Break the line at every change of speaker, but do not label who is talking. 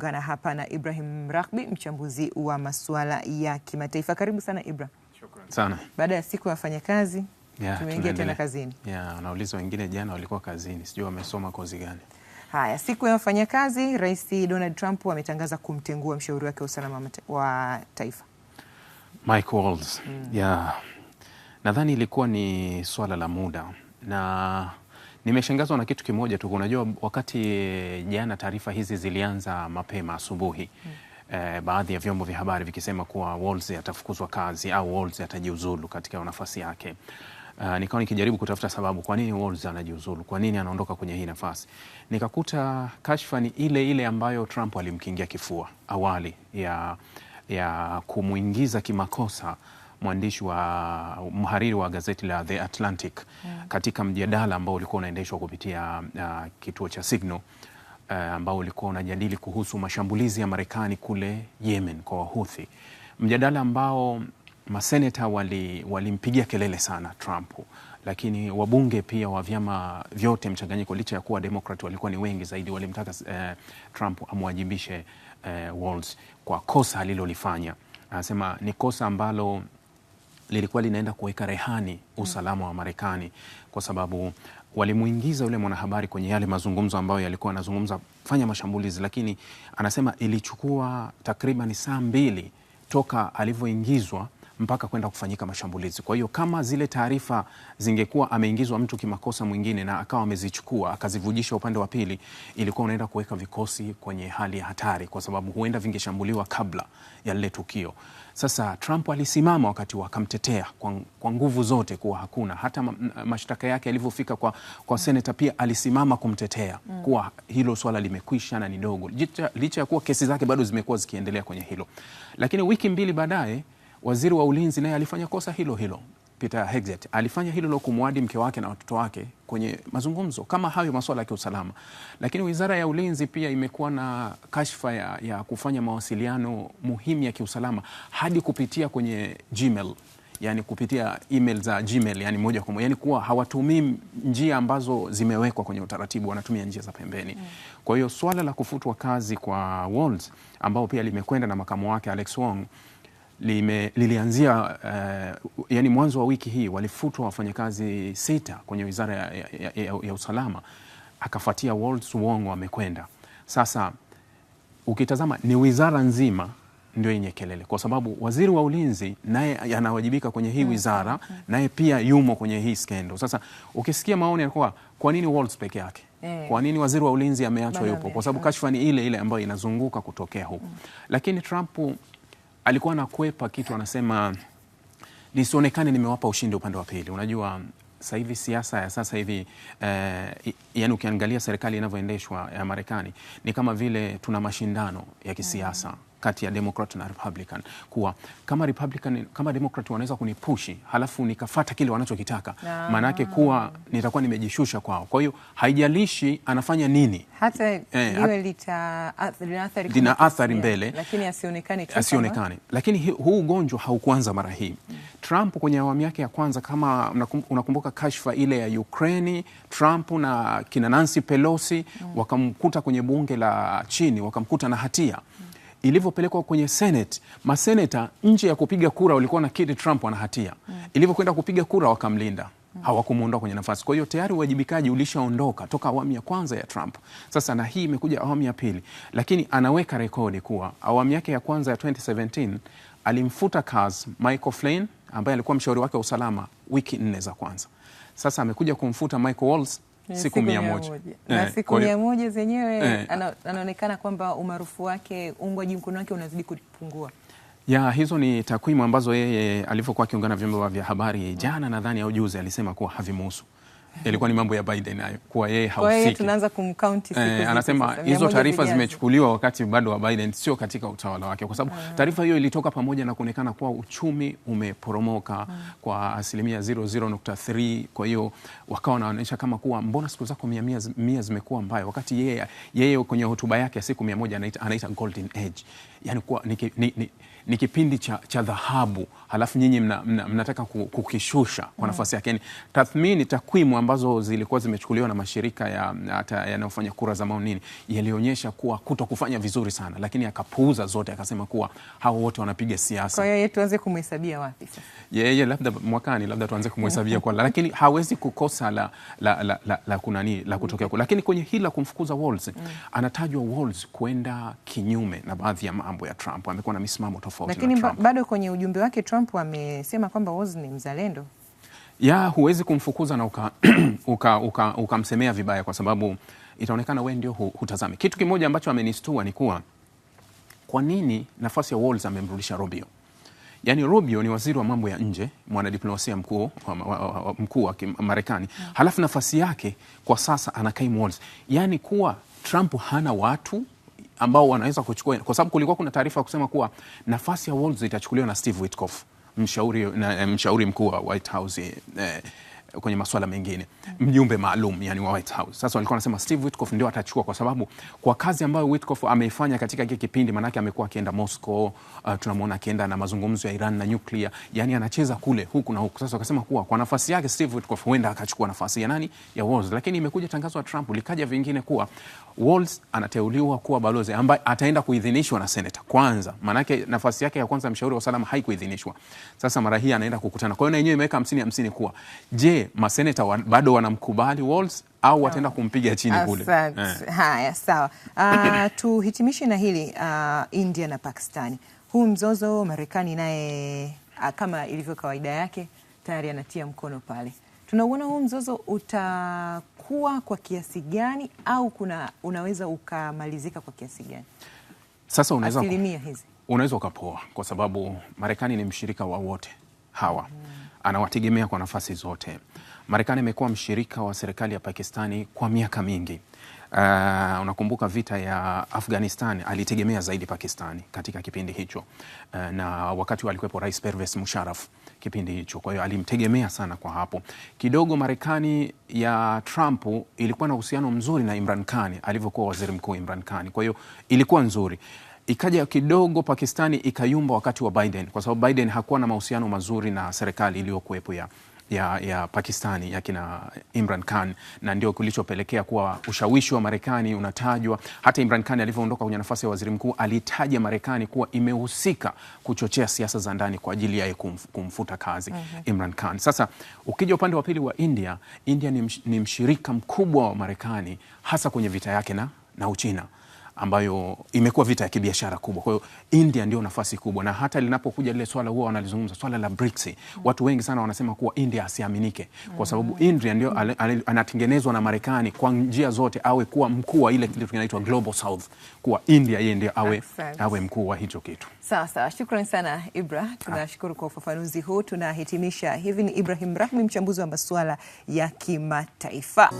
Tunaungana hapa na Ibrahim Rahbi, mchambuzi wa masuala ya kimataifa. Karibu sana Ibra. Shukrani sana. Baada ya siku ya wafanyakazi tumeingia tena kazini.
Yeah, nauliza wengine jana walikuwa kazini, sijui wamesoma kozi gani.
Haya, siku ya wafanyakazi, Rais Donald Trump ametangaza kumtengua mshauri wake wa usalama wa taifa
Mike Waltz. Mm. Yeah. Nadhani ilikuwa ni swala la muda na Nimeshangazwa na kitu kimoja tu. Unajua, wakati eh, jana taarifa hizi zilianza mapema asubuhi mm. eh, baadhi ya vyombo vya habari vikisema kuwa Walls atafukuzwa kazi au Walls atajiuzulu katika nafasi yake. Uh, nikawa nikijaribu kutafuta sababu kwa nini Walls anajiuzulu, kwa nini anaondoka kwenye hii nafasi. Nikakuta kashfa ni ile ile ambayo Trump alimkingia kifua awali ya, ya kumwingiza kimakosa mwandishi wa mhariri wa gazeti la The Atlantic yeah. katika mjadala ambao ulikuwa unaendeshwa kupitia uh, kituo cha Signal uh, ambao ulikuwa unajadili kuhusu mashambulizi ya Marekani kule Yemen kwa Wahuthi, mjadala ambao maseneta walimpigia wali kelele sana Trump, lakini wabunge pia wa vyama vyote mchanganyiko, licha ya kuwa Demokrat walikuwa ni wengi zaidi, walimtaka eh, Trump amwajibishe eh, uh, Walls kwa kosa alilolifanya. Anasema ni kosa ambalo lilikuwa linaenda kuweka rehani usalama wa Marekani kwa sababu walimuingiza yule mwanahabari kwenye yale mazungumzo ambayo yalikuwa anazungumza fanya mashambulizi, lakini anasema ilichukua takriban saa mbili toka alivyoingizwa mpaka kwenda kufanyika mashambulizi. Kwa hiyo kama zile taarifa zingekuwa ameingizwa mtu kimakosa mwingine na akawa amezichukua akazivujisha upande wa pili, ilikuwa unaenda kuweka vikosi kwenye hali ya hatari, kwa sababu huenda vingeshambuliwa kabla ya lile tukio. Sasa Trump alisimama wakati huo akamtetea kwa, kwa nguvu zote kuwa hakuna hata mashtaka yake yalivyofika kwa, kwa seneta pia alisimama kumtetea mm, kuwa hilo swala limekwisha na ni dogo, licha ya kuwa kesi zake bado zimekuwa zikiendelea kwenye hilo, lakini wiki mbili baadaye Waziri wa ulinzi naye alifanya kosa hilo hilo. Peter Hegseth alifanya hilo la kumwadi mke wake na watoto wake kwenye mazungumzo kama hayo masuala ya kiusalama, lakini wizara ya ulinzi pia imekuwa na kashfa ya, ya kufanya mawasiliano muhimu ya kiusalama hadi kupitia kwenye Gmail yani kupitia email za Gmail yani moja kwa moja, yani kuwa hawatumii njia ambazo zimewekwa kwenye utaratibu, wanatumia njia za pembeni mm. Kwa hiyo swala la kufutwa kazi kwa Walls ambao pia limekwenda na makamu wake Alex Wong lime, lilianzia uh, yani mwanzo wa wiki hii walifutwa wafanyakazi sita kwenye wizara ya, ya, ya, ya usalama, akafuatia Waltz Wongo amekwenda. Sasa ukitazama ni wizara nzima ndio yenye kelele kwa sababu waziri wa ulinzi naye anawajibika kwenye hii mm. wizara mm -hmm. Naye pia yumo kwenye hii skendo. Sasa ukisikia maoni yalikuwa kwa nini Waltz peke yake eh. Kwa nini waziri wa ulinzi ameachwa yupo? Kwa sababu kashfa ni ile ile ambayo inazunguka kutokea huko -hmm. Lakini Trump alikuwa anakwepa kitu, anasema nisionekane nimewapa ushindi upande wa pili. Unajua sasa hivi siasa ya sasa hivi eh, yani ukiangalia serikali inavyoendeshwa ya Marekani ni kama vile tuna mashindano ya kisiasa mm kati ya Democrat na Republican, kuwa kama Republican, kama Democrat wanaweza kunipushi halafu nikafata kile wanachokitaka, ah. maana yake kuwa nitakuwa nimejishusha kwao. Kwa hiyo haijalishi anafanya nini,
hata eh, lita lina athari mbele, lakini asionekane,
asionekane. Lakini huu ugonjwa haukuanza mara hii. Trump kwenye awamu yake ya kwanza, kama unakumbuka kashfa ile ya Ukraine, Trump na kina Nancy Pelosi mm. wakamkuta kwenye bunge la chini, wakamkuta na hatia ilivyopelekwa kwenye Senate, maseneta nje ya kupiga kura walikuwa na kiti Trump ana hatia mm. ilivyokwenda kupiga kura wakamlinda mm. hawakumuondoa kwenye nafasi. Kwa hiyo tayari uwajibikaji ulishaondoka toka awamu ya kwanza ya Trump, sasa na hii imekuja awamu ya pili, lakini anaweka rekodi kuwa awamu yake ya kwanza ya 2017 alimfuta kazi Michael Flynn ambaye alikuwa mshauri wake wa usalama wiki nne za kwanza. Sasa amekuja kumfuta Michael Waltz
Eh, siku mia moja eh, na siku mia moja zenyewe eh. anaonekana kwamba umaarufu wake, uungwaji mkono wake unazidi kupungua.
Ya, hizo ni takwimu ambazo yeye alivyokuwa akiungana vyombo vya habari jana nadhani au juzi alisema kuwa havimuhusu yalikuwa ni mambo ya Biden hayo, kuwa yeye hausiki.
Tunaanza kumkaunti siku
eh, anasema hizo taarifa zimechukuliwa wakati bado wa Biden sio katika utawala wake, kwa sababu ah. taarifa hiyo ilitoka pamoja na kuonekana kuwa uchumi umeporomoka hmm, kwa asilimia 0.3. Kwa hiyo wakawa wanaonyesha kama kuwa mbona siku zako mia mia, mia zimekuwa mbaya, wakati yeye yeye kwenye hotuba yake ya siku mia moja anaita, anaita golden age, yani kuwa ni, ni, ni, ni kipindi cha, cha dhahabu halafu nyinyi mna, mna, mnataka kukishusha kwa mm-hmm. nafasi yake. Yani tathmini, takwimu ambazo zilikuwa zimechukuliwa na mashirika yanayofanya ya kura za maoni nini yalionyesha kuwa kuto kufanya vizuri sana, lakini akapuuza zote akasema kuwa hao wote wanapiga siasa.
Kwa hiyo tuanze kumhesabia wapi sasa?
Yeye labda mwakani, labda tuanze kumhesabia mm-hmm. kwa, lakini hawezi kukosa la, la, la, la, la kunani la kutokea kwa, lakini kwenye hili la kumfukuza Walls, mm. anatajwa Walls kwenda kinyume na baadhi ya mambo ya Trump, amekuwa na misimamo tofauti tofauti
lakini Bado kwenye ujumbe wake Trump amesema kwamba Walz ni mzalendo
ya huwezi kumfukuza na ukamsemea uka, uka, uka vibaya kwa sababu itaonekana wewe ndio hutazami. Kitu kimoja ambacho amenistua ni kuwa kwa nini nafasi ya Walz amemrudisha Rubio? Yaani Rubio ni waziri wa mambo ya nje, mwanadiplomasia mkuu mkuu wa Marekani, hmm. halafu nafasi yake kwa sasa ana yani yaani kuwa Trump hana watu ambao wanaweza kuchukua, kwa sababu kulikuwa kuna taarifa ya kusema kuwa nafasi ya Wolves itachukuliwa na Steve Witkoff, mshauri, na, eh, mshauri mkuu wa White House eh, kwenye masuala mengine, mjumbe maalum yani wa White House. Sasa walikuwa wanasema Steve Witkoff ndio atachukua, kwa sababu kwa kazi ambayo Witkoff ameifanya katika hiki kipindi, maanake amekuwa akienda Moscow, uh, tunamwona akienda na mazungumzo ya Iran na nyuklia, yani anacheza kule huku na huku. Sasa wakasema kuwa kwa nafasi yake Steve Witkoff huenda akachukua nafasi ya nani, ya Walls, Lakini imekuja tangazo la Trump, likaja vingine kuwa Walls anateuliwa kuwa balozi ambaye ataenda kuidhinishwa na seneta kwanza, maanake nafasi yake ya kwanza mshauri wa usalama haikuidhinishwa. Sasa mara hii anaenda kukutana, kwa hiyo na yenyewe imeweka 50 50 kuwa je maseneta wa, bado wanamkubali Walls au wataenda kumpiga chini kule?
Eh. Haya, sawa. Uh, tuhitimishe na hili uh, India na Pakistani. Huu mzozo Marekani naye uh, kama ilivyo kawaida yake tayari anatia mkono pale. Tunauona huu mzozo utakuwa kwa kiasi gani au kuna unaweza ukamalizika kwa kiasi gani? Sasa unaweza asilimia hizi
unaweza ukapoa kwa sababu Marekani ni mshirika wa wote hawa, mm. anawategemea kwa nafasi zote. Marekani imekuwa mshirika wa serikali ya Pakistani kwa miaka mingi. Uh, unakumbuka vita ya Afghanistan alitegemea zaidi Pakistani katika kipindi hicho. Uh, na wakati alikuwepo Rais Pervez Musharraf kipindi hicho, kwa hiyo alimtegemea sana kwa hapo. Kidogo Marekani ya Trump ilikuwa na uhusiano mzuri na Imran Khan alivyokuwa waziri mkuu Imran Khan, kwa hiyo ilikuwa nzuri ikaja kidogo Pakistani ikayumba wakati wa Biden kwa sababu Biden hakuwa na mahusiano mazuri na serikali iliyokuwepo ya ya, ya Pakistani ya kina Imran Khan, na ndio kilichopelekea kuwa ushawishi wa Marekani unatajwa. Hata Imran Khan alivyoondoka kwenye nafasi ya waziri mkuu alitaja Marekani kuwa imehusika kuchochea siasa za ndani kwa ajili yaye kumfuta kazi mm -hmm. Imran Khan. Sasa ukija upande wa pili wa India, India ni mshirika mkubwa wa Marekani hasa kwenye vita yake na, na Uchina ambayo imekuwa vita ya kibiashara kubwa. Kwa hiyo India ndio nafasi kubwa, na hata linapokuja lile swala huwa wanalizungumza swala la BRICS. Watu wengi sana wanasema kuwa India asiaminike kwa sababu India ndio anatengenezwa na Marekani kwa njia zote, awe kuwa mkuu wa ile kitu kinaitwa Global South, kuwa India yeye ndio awe, awe mkuu wa hicho kitu.
Sawa sawa, shukrani sana Ibra, tunashukuru kwa ufafanuzi huu. Tunahitimisha hivi. Ni Ibrahim Rahmi, mchambuzi wa masuala ya kimataifa.